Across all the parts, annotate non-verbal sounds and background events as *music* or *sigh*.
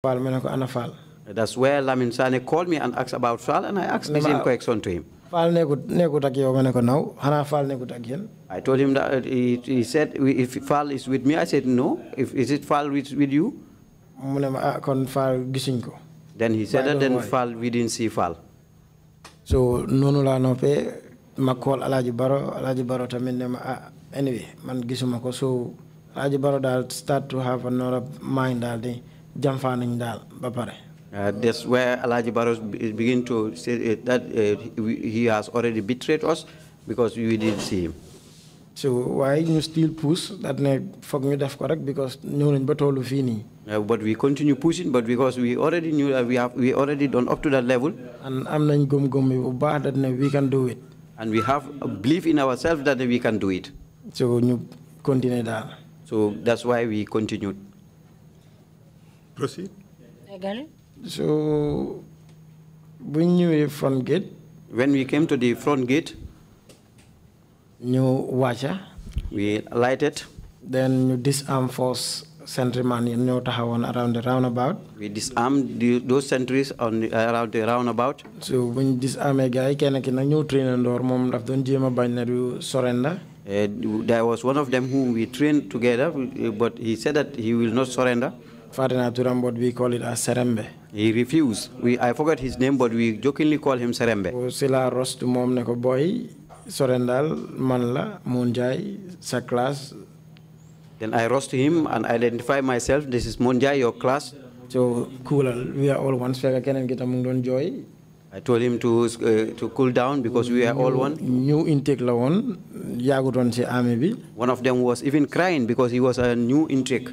That's where Lamin Sane called me and asked about Fal, and I asked the same question to him. I told him that uh, he, he said, if Fal is with me, I said, no. If, is it Fal with, with you? Ah, then he said that then Fal, we didn't see Fal. So, no la no ma call Alaji Baro, Alaji Baro tamin ma, ah, anyway, man gisuma ko. So, Alaji Baro dal start to have another mind all day. Uh, that's where Alaji Barros begin to say uh, that uh, he has already betrayed us because we didn't see him. So why you still push that ne fog ñu def ko rek because ñëw nañ ba tollu fii uh, but we continue pushing but because we already knew that we have we already done up to that level. and am nañ gëm-gëm bu baax that ne we can do it. and we have a belief in ourselves that we can do it. so ñu continue that. so that's why we continued. Proceed. So, when you were front gate, when we came to the front gate, new watcher, ah? we lighted. Then you disarm force sentryman you know tahawan around the roundabout. We disarmed the, those sentries on the, uh, around the roundabout. So when you disarm a guy, can I can you train and or mom of don't you binary surrender? Uh, there was one of them whom we trained together, but he said that he will not surrender we call it as Serembe. He refused. We, I forgot his name, but we jokingly call him Serembe. Sila rostu mom ne boy, sorendal, manla, munjai, sa class. Then I to him and identify myself. This is Munjai, your class. So cool, we are all one. can get kita mung don joy. I told him to uh, to cool down because we are all one. New intake la one, yagu don si One of them was even crying because he was a new intake.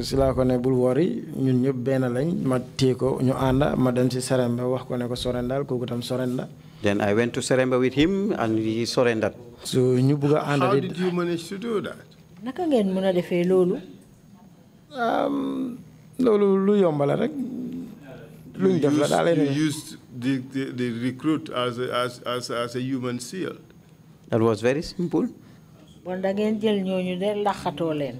si laa ko ne bul wori ñun ñep ben lañ ma téye ñu anda ma dem si Seremba wax ko ne ko sorendal tam sorenda Then I went to Seremba with him and he surrendered. So ñu bëgg anda How did you manage to do that? naka ngeen mëna a lolu um lolu lu yombal rek. lu def la dalé ñu used the, the, the recruit as a, as, as, as a human shield. That was very simple. bon da ngeen jël ñoñu de laxato len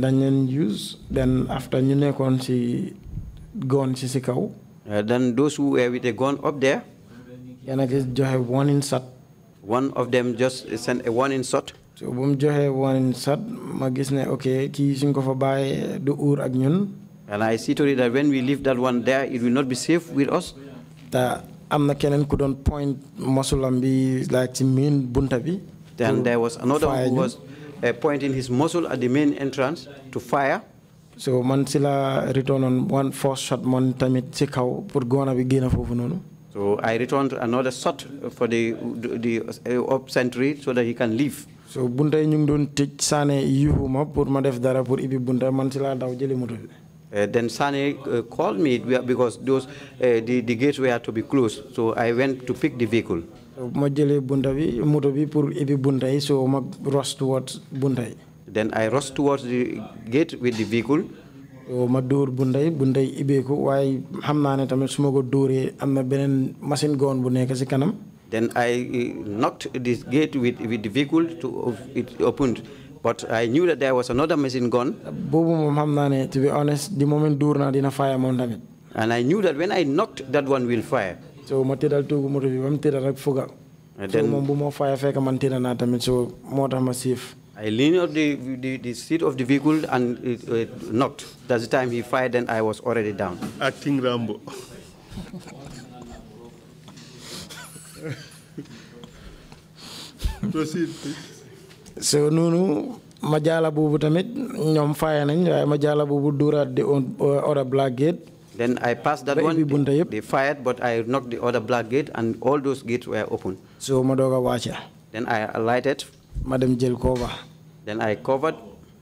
dañ leen use then after ñu nekkoon ci gone ci si kaw. Uh, then those who were with the gun up there. yàlla gis joxe warning shot. one of them just sent a warning shot. so bu mu joxee warning shot ma gis ne ok kii suñ ko fa bàyyee du uur ak ñun. and I see today that when we leave that one there it will not be safe with us. te am na keneen ku doon point mosulam bi like ci miin bunta bi. then there was another who was uh, pointing his muzzle at the main entrance to fire. So man sila return on one first shot man tamit ci kaw pour gona bi gëna fofu nonu. So I returned another shot for the the uh, up century so that he can leave. So bunta ñu ngi doon tej sané yuhuma pour ma def dara pour ibi bunta man sila daw jëli moto Uh, then Sane uh, called me because those uh, the, the gates were to be closed. So I went to pick the vehicle ma jëlee bi moto bi pour yi so ma rush towards yi. Then I rushed towards the gate with the vehicle. so ma dóor yi yi waaye xam naa ne tamit su ma ko dóoree am na beneen machine bu nekk si kanam. Then I eh, knocked this gate with, with the vehicle to it opened. But I knew that there was another machine gun. Bobu xam ne to be honest the moment dóor naa dina fire moom tamit. And I knew that when I knocked that one will fire so ma tëddal tuugu moto bi ba rek fuga. so moom bu faya fekk man tëdda naa tamit so moo tax I leaned on the, the, the, seat of the vehicle and it, it knocked. That's the time he fired and I was already down. Acting Rambo. *laughs* Proceed, please. So, Nunu, Majala Bubu Tamit, Nyom Fire Nany, Majala Bubu Dura, the other uh, black gate. Then I passed that one. They, they fired, but I knocked the other black gate, and all those gates were open. So Madoga Wacha. Then I alighted. Madam Jel cover. Then I covered.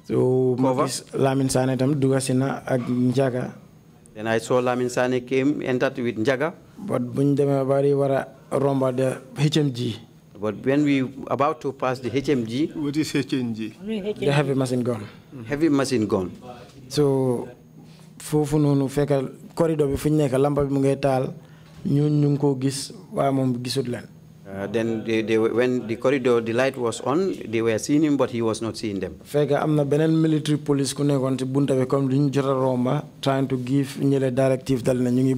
So cover. Lamin Sane dugasina ak Njaga. Then I saw Lamin Sane came, entered with Njaga. But buñ bari wara romba the HMG. But when we about to pass the HMG. What is HMG? The heavy machine gun. Mm Heavy machine gun. So fofu nonu fekal corridor bi fu ñu nekk bi mu ngay taal ñun ñu gis gisut uh, then they, they, when the corridor the light was on they were seeing him but he was not seeing them. military police ku ci bunta bi comme romba trying to give ñële directive dal na ñu ngi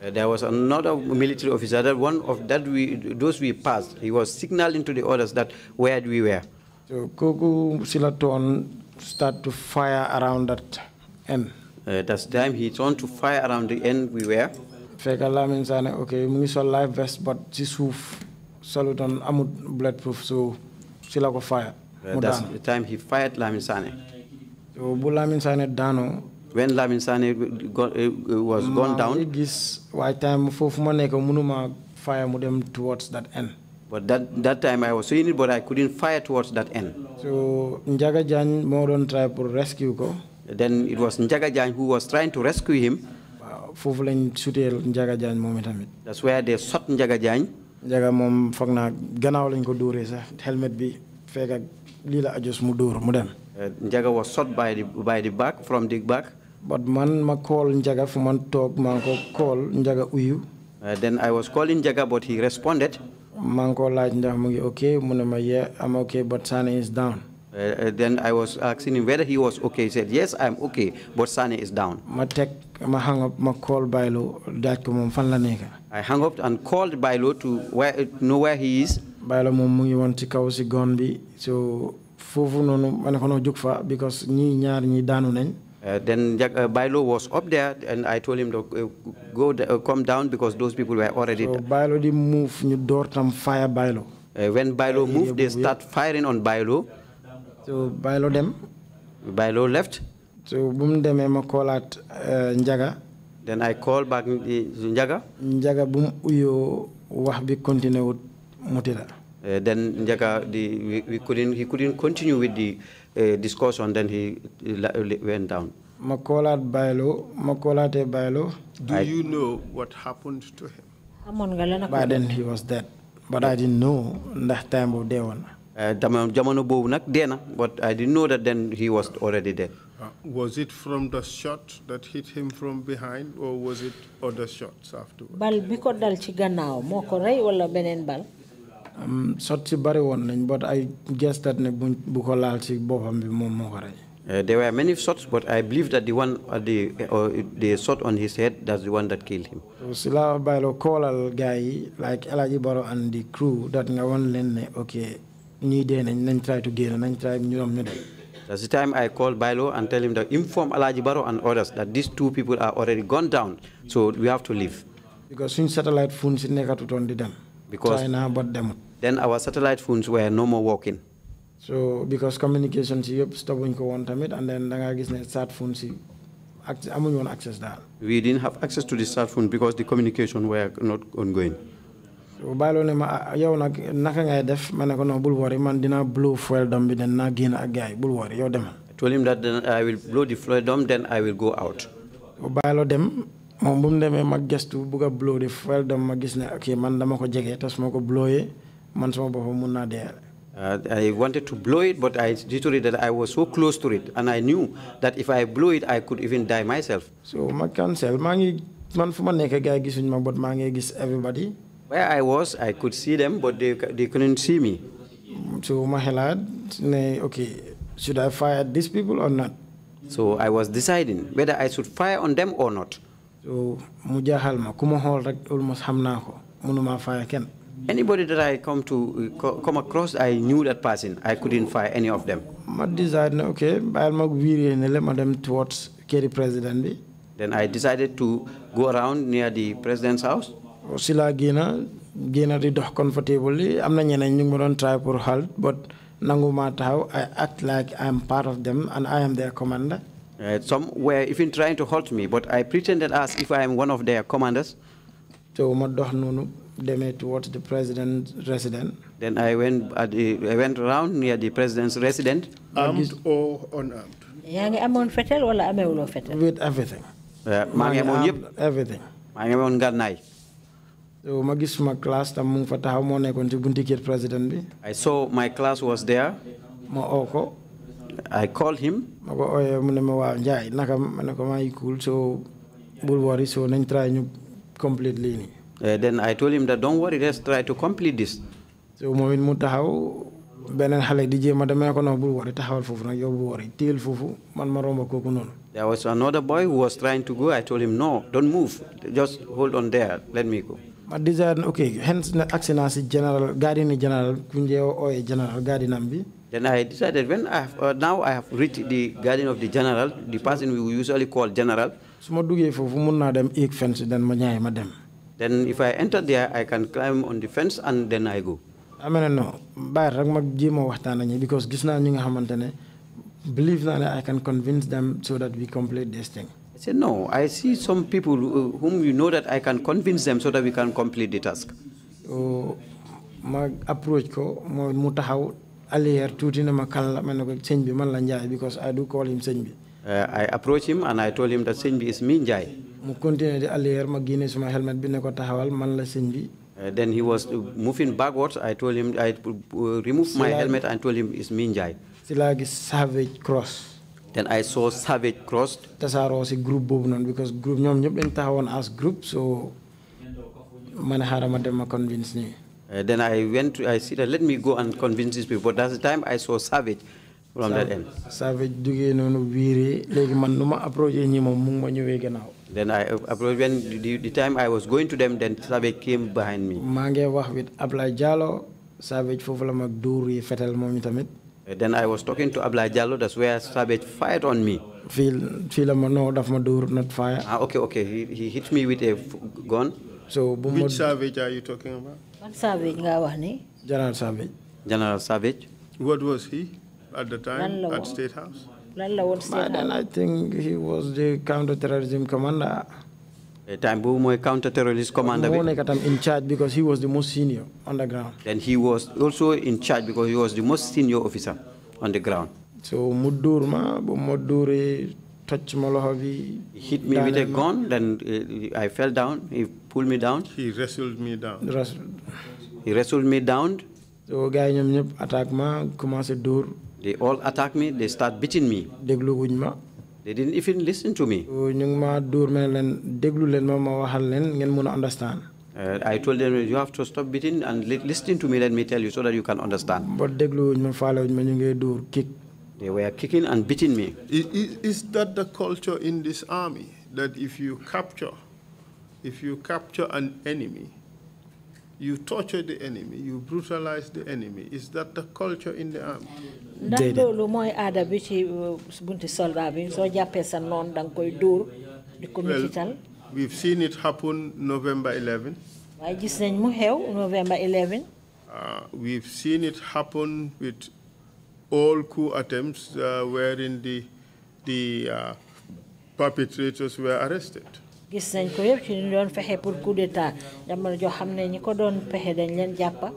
uh, there was another military officer that one of that we those we passed he was signaling to the others that where we were. so kooku si la start to fire around that end. That uh, time he turned to fire around the end we were. Fekka Lamin Sane, okay, we saw life vest but this suuf solu doon amut bulletproof so ci la ko fire. Uh, that's the time he fired Lamin So bu Lamin oh. When Lamin uh, uh, was gone down. maa gis waaye time foofu ma nekk mënuma fire mudem towards that end. But that, that time I was seeing it, but I couldn't fire towards that end. So Njaga Jan moo doon try pour rescue ko. Then it was Njaga who was trying to rescue him. Njaga that's where they shot Njaga Jaañ. Njaga moom foog naa gannaaw lañ ko helmet bi fekk lila lii la uh, Njaga was shot by the by the back from the back. but man ma call Njaga fu man toog Man ko call Njaga uyu. Uh, then I was calling Njaga but he responded. Man ko laaj Njaga mu ok Muna ne ma I'm ok but Sani is down. Uh, uh, then I was asking him whether he was okay. He said, yes, I'm okay, but Sane is down. I hung up and called Bailo to where, know where he is. Bailo mom mu ngi won ci so fofu nonu mané ko no juk because ñi ñaar ñi daanu nañ. Uh, then uh, Bailo was up there and I told him to uh, go uh, come down because those people were already so Bailo di move ñu door tam fire Bailo. Uh, when Bailo moved they start firing on Bailo. So bailo dem. bailo left. So bum demee ma at uh, Njaga. Then I call back Njaga. Njaga bum uyo wax bi continué wut mutila. Uh, then Njaga, the, we, we, couldn't, he couldn't continue with the uh, discussion. Then he, he went down. Makolat Bailo, at Bailo. Do you know what happened to him? But then he was dead, but I didn't know that time of day one. Eh, jamono boobu nag dee but I didn't know that then he was already dead. Uh, was it from the shot that hit him from behind or was it other shots afterwards. bal biko ko dal ci gannaaw moo ko wala benen bal. Um, sot si bari woon nañ but I guess that ne bu ko laal si boppam bi moom moo ko eh, there were many shots, but I believe that the one, uh, the or uh, the shot on his head, that's the one that killed him. Sila Bailo called guy like Elaji Baro and the crew that Ngawan Lenne, okay, that's the time I called Bailo and tell him that inform Alaji Baro and others that these two people are already gone down, so we have to leave. Because since satellite phones on them. Because China bought them. Then our satellite phones were no more working. So because communication yep stubborn ko one time and then danga gis ne sat phone si want access that. We didn't have access to the sat phone because the communication were not ongoing ma ah, yow naka ngay def non bul wori man blow fuel dom bi den ak bul wori yow demal. told him that then I will blow the fuel dom then I will go out. bàyyi dem moom bu mu demee blow the fuel dom ma gis ne ok man dama ko jege te ko man sama boppam mun naa Uh, I wanted to blow it, but I determined that I was so close to it, and I knew that if I blew it, I could even die myself. So my cancel, man, man, for my neck, I guess my but man, I guess everybody. Where I was, I could see them, but they, they couldn't see me. So Mahalad, okay, should I fire these people or not? So I was deciding whether I should fire on them or not. So Mujahalma, Kumahol almost Hamnako, Munuma fire Ken. Anybody that I come to come across, I knew that person. I couldn't fire any of them. My decided, okay, i am make Viri and them towards Kerry President. Then I decided to go around near the president's house si laa génna génna di dox comfortably am na ñeneen ñu ngi doon try pour halt but nangu maa taxaw I act like I am part of them and I am their commander. Right. Uh, some were even trying to halt me, but I pretended as if I am one of their commanders. So ma dox noonu demee towards the president's resident. Then I went at the, I went around near the president's resident. Armed or unarmed? yaa ngi amoon fetel wala amewuloo fetel. with everything. Uh, maa ngi amoon yëpp. everything. maa ngi amoon ngànnaay. So class I saw my class was there. Ma I called him. Ma ko cool so worry so try to complete this. Uh, eh, then I told him that don't worry, let's try to complete this. So momin benen xalé di jema dama ko no bul wori taxawal fofu nak yow bul wori teel fofu man ma romba koku non. There was another boy who was trying to go. I told him no, don't move. Just hold on there. Let me go. I desired, okay, hence Excellency General, Guardian General, Kunjeo Oye General, Guardian Ambi. Then I decided when I have, uh, now I have reached the Guardian of the General, the person we usually call General. Then if I enter there, I can climb on the fence and then I go. I mean, no, but because I believe that I can convince them so that we complete this thing. I said, no, I see some people whom you know that I can convince them so that we can complete the task. My approach ko mo taxaw alier tuti na ma kan la man ko señ bi man la njaay because I do call him señ uh, I approached him and I told him that señ is me njaay. continue di alier ma génne helmet bi ne ko uh, then he was moving backwards. I told him, I uh, removed my helmet and told him it's Minjai. Silag is savage cross. Then I saw Savage Crossed. That's how I was a group movement because group ñoom ñëpp dañ taxawoon as group so man xaaral ma convince me? Uh, then I went to I said uh, let me go and convince these people that's the time I saw Savage. from that end. Savage jógee you know léegi man nu ma approché ñi moom mu ngi ma ñëwee Then I approached when the, the, time I was going to them, then Savage came behind me. Mange wah with Abla Jalo, Savage fufula magduri fatal dur yi then I was talking to Abla Jallo, that's where Savage fired on me. Feel, feel no, that's my door, not fire. Ah, okay, okay. He, he hit me with a gun. So, which Savage are you talking about? What Savage, General Savage. General Savage. What was he at the time at State House? State House. Then I think he was the counter-terrorism commander time boobu counter terrorist commander bi. moo in charge because he was the most senior on the ground. then he was also in charge because he was the most senior officer on the ground. so mudur ma ba touch ma hit me with a gun then eh, I fell down he pulled me down. he wrestled me down. he wrestled me down. so guy yi ma commencé they all attack me they start beating me. They wuñ ma. They didn't even listen to me. Uh, I told them, you have to stop beating and li listen to me, let me tell you, so that you can understand. They were kicking and beating me. Is, is that the culture in this army? That if you capture, if you capture an enemy, you torture the enemy you brutalize the enemy is that the culture in the army bi ci uh, bunti soldat bi sa koy di ko mitital we've seen it happen november 11 gis nañ mu xew november 11 uh, we've seen it happen with all coup attempts uh, wherein the the uh, perpetrators were arrested gis nañ ko yëpp ci ñu doon fexe pour coup jamono joo xam ne ñi ko doon fexe dañ leen jàppa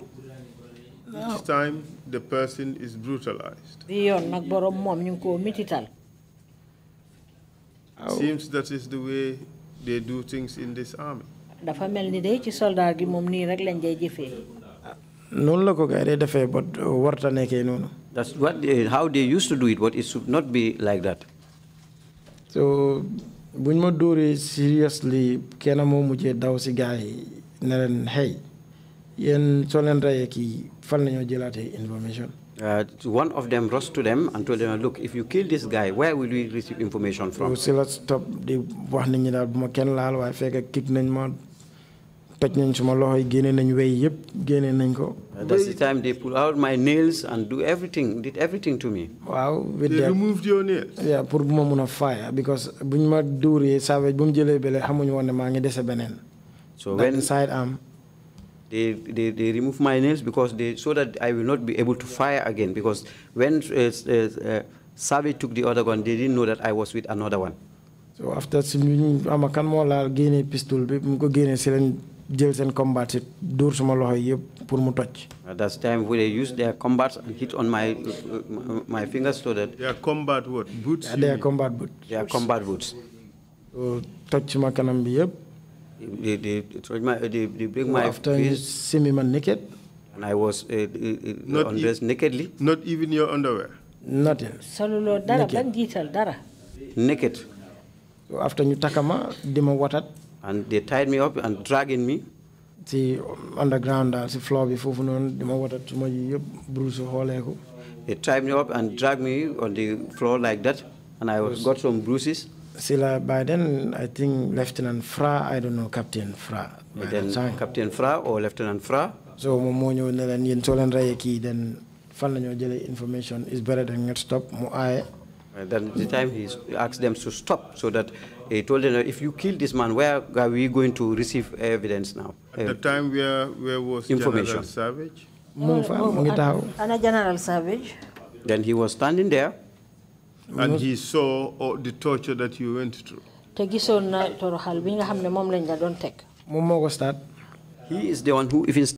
each time the person is brutalized di yoon nag borom moom ñu ngi ko seems that is the way they do things in this army dafa mel ni day ci soldat gi moom nii rek lañ day jëfee noonu la ko gars dee defee ba warta nekkee noonu that's what they, how they used to do it but it should not be like that so buñ ma dóoree seriously kenn moo mujjee daw si yi ne leen yéen soo leen fan la ñoo jëlaatee information. Uh, one of them rushed to them and told them look if you kill this guy where will we receive information from. stop ñi daal bu ma kenn laal waaye fekk kick nañ ma that's uh, the time they pull out my nails and do everything did everything to me. Wow, with they removed your nails. yeah pour bu ma a fire because buñ ma duuree savage bu mu jëlee bële xamuñu woon ne ngi dese so when inside They, they, they remove my nails because they so that I will not be able to fire again because when uh, uh, uh, Savage took the other gun they didn't know that I was with another one. so after si ñu amakan moo laal génne pistol bi mu ko génne si lañ jël seen combat sit dóor sama loxo yëpp pour mu toj. that's time when they use their combats and hit on my uh, my fingers so that. their combat what boots. their combat boots. their combat boots. toj sama kanam bi yëpp. they they toj my they they break my. after you see me man naked. and I was uh, uh, undressed uh, nakedly. Not even your underwear. not Nothing. Solo dara ban jital dara. Naked. After ñu takama dima watat and they tied me up and dragging me. The underground, uh, the floor before noon, the water to my bruise hole. They tied me up and dragged me on the floor like that, and I was, got some bruises. Sila, by then, I think Lieutenant Fra, I don't know, Captain Fra. By then, time. Captain Fra or Lieutenant Fra. So, mo ñew ne len yeen so len rayé ki den fan lañu jëlé information is better than get stop mu ay. Then the time he asked them to stop so that he told them, if you kill this man, where are we going to receive evidence now? At the time, where, where was General Savage? Uh, a General Savage. Then he was standing there. And he saw all uh, the torture that you went through. He is the one who even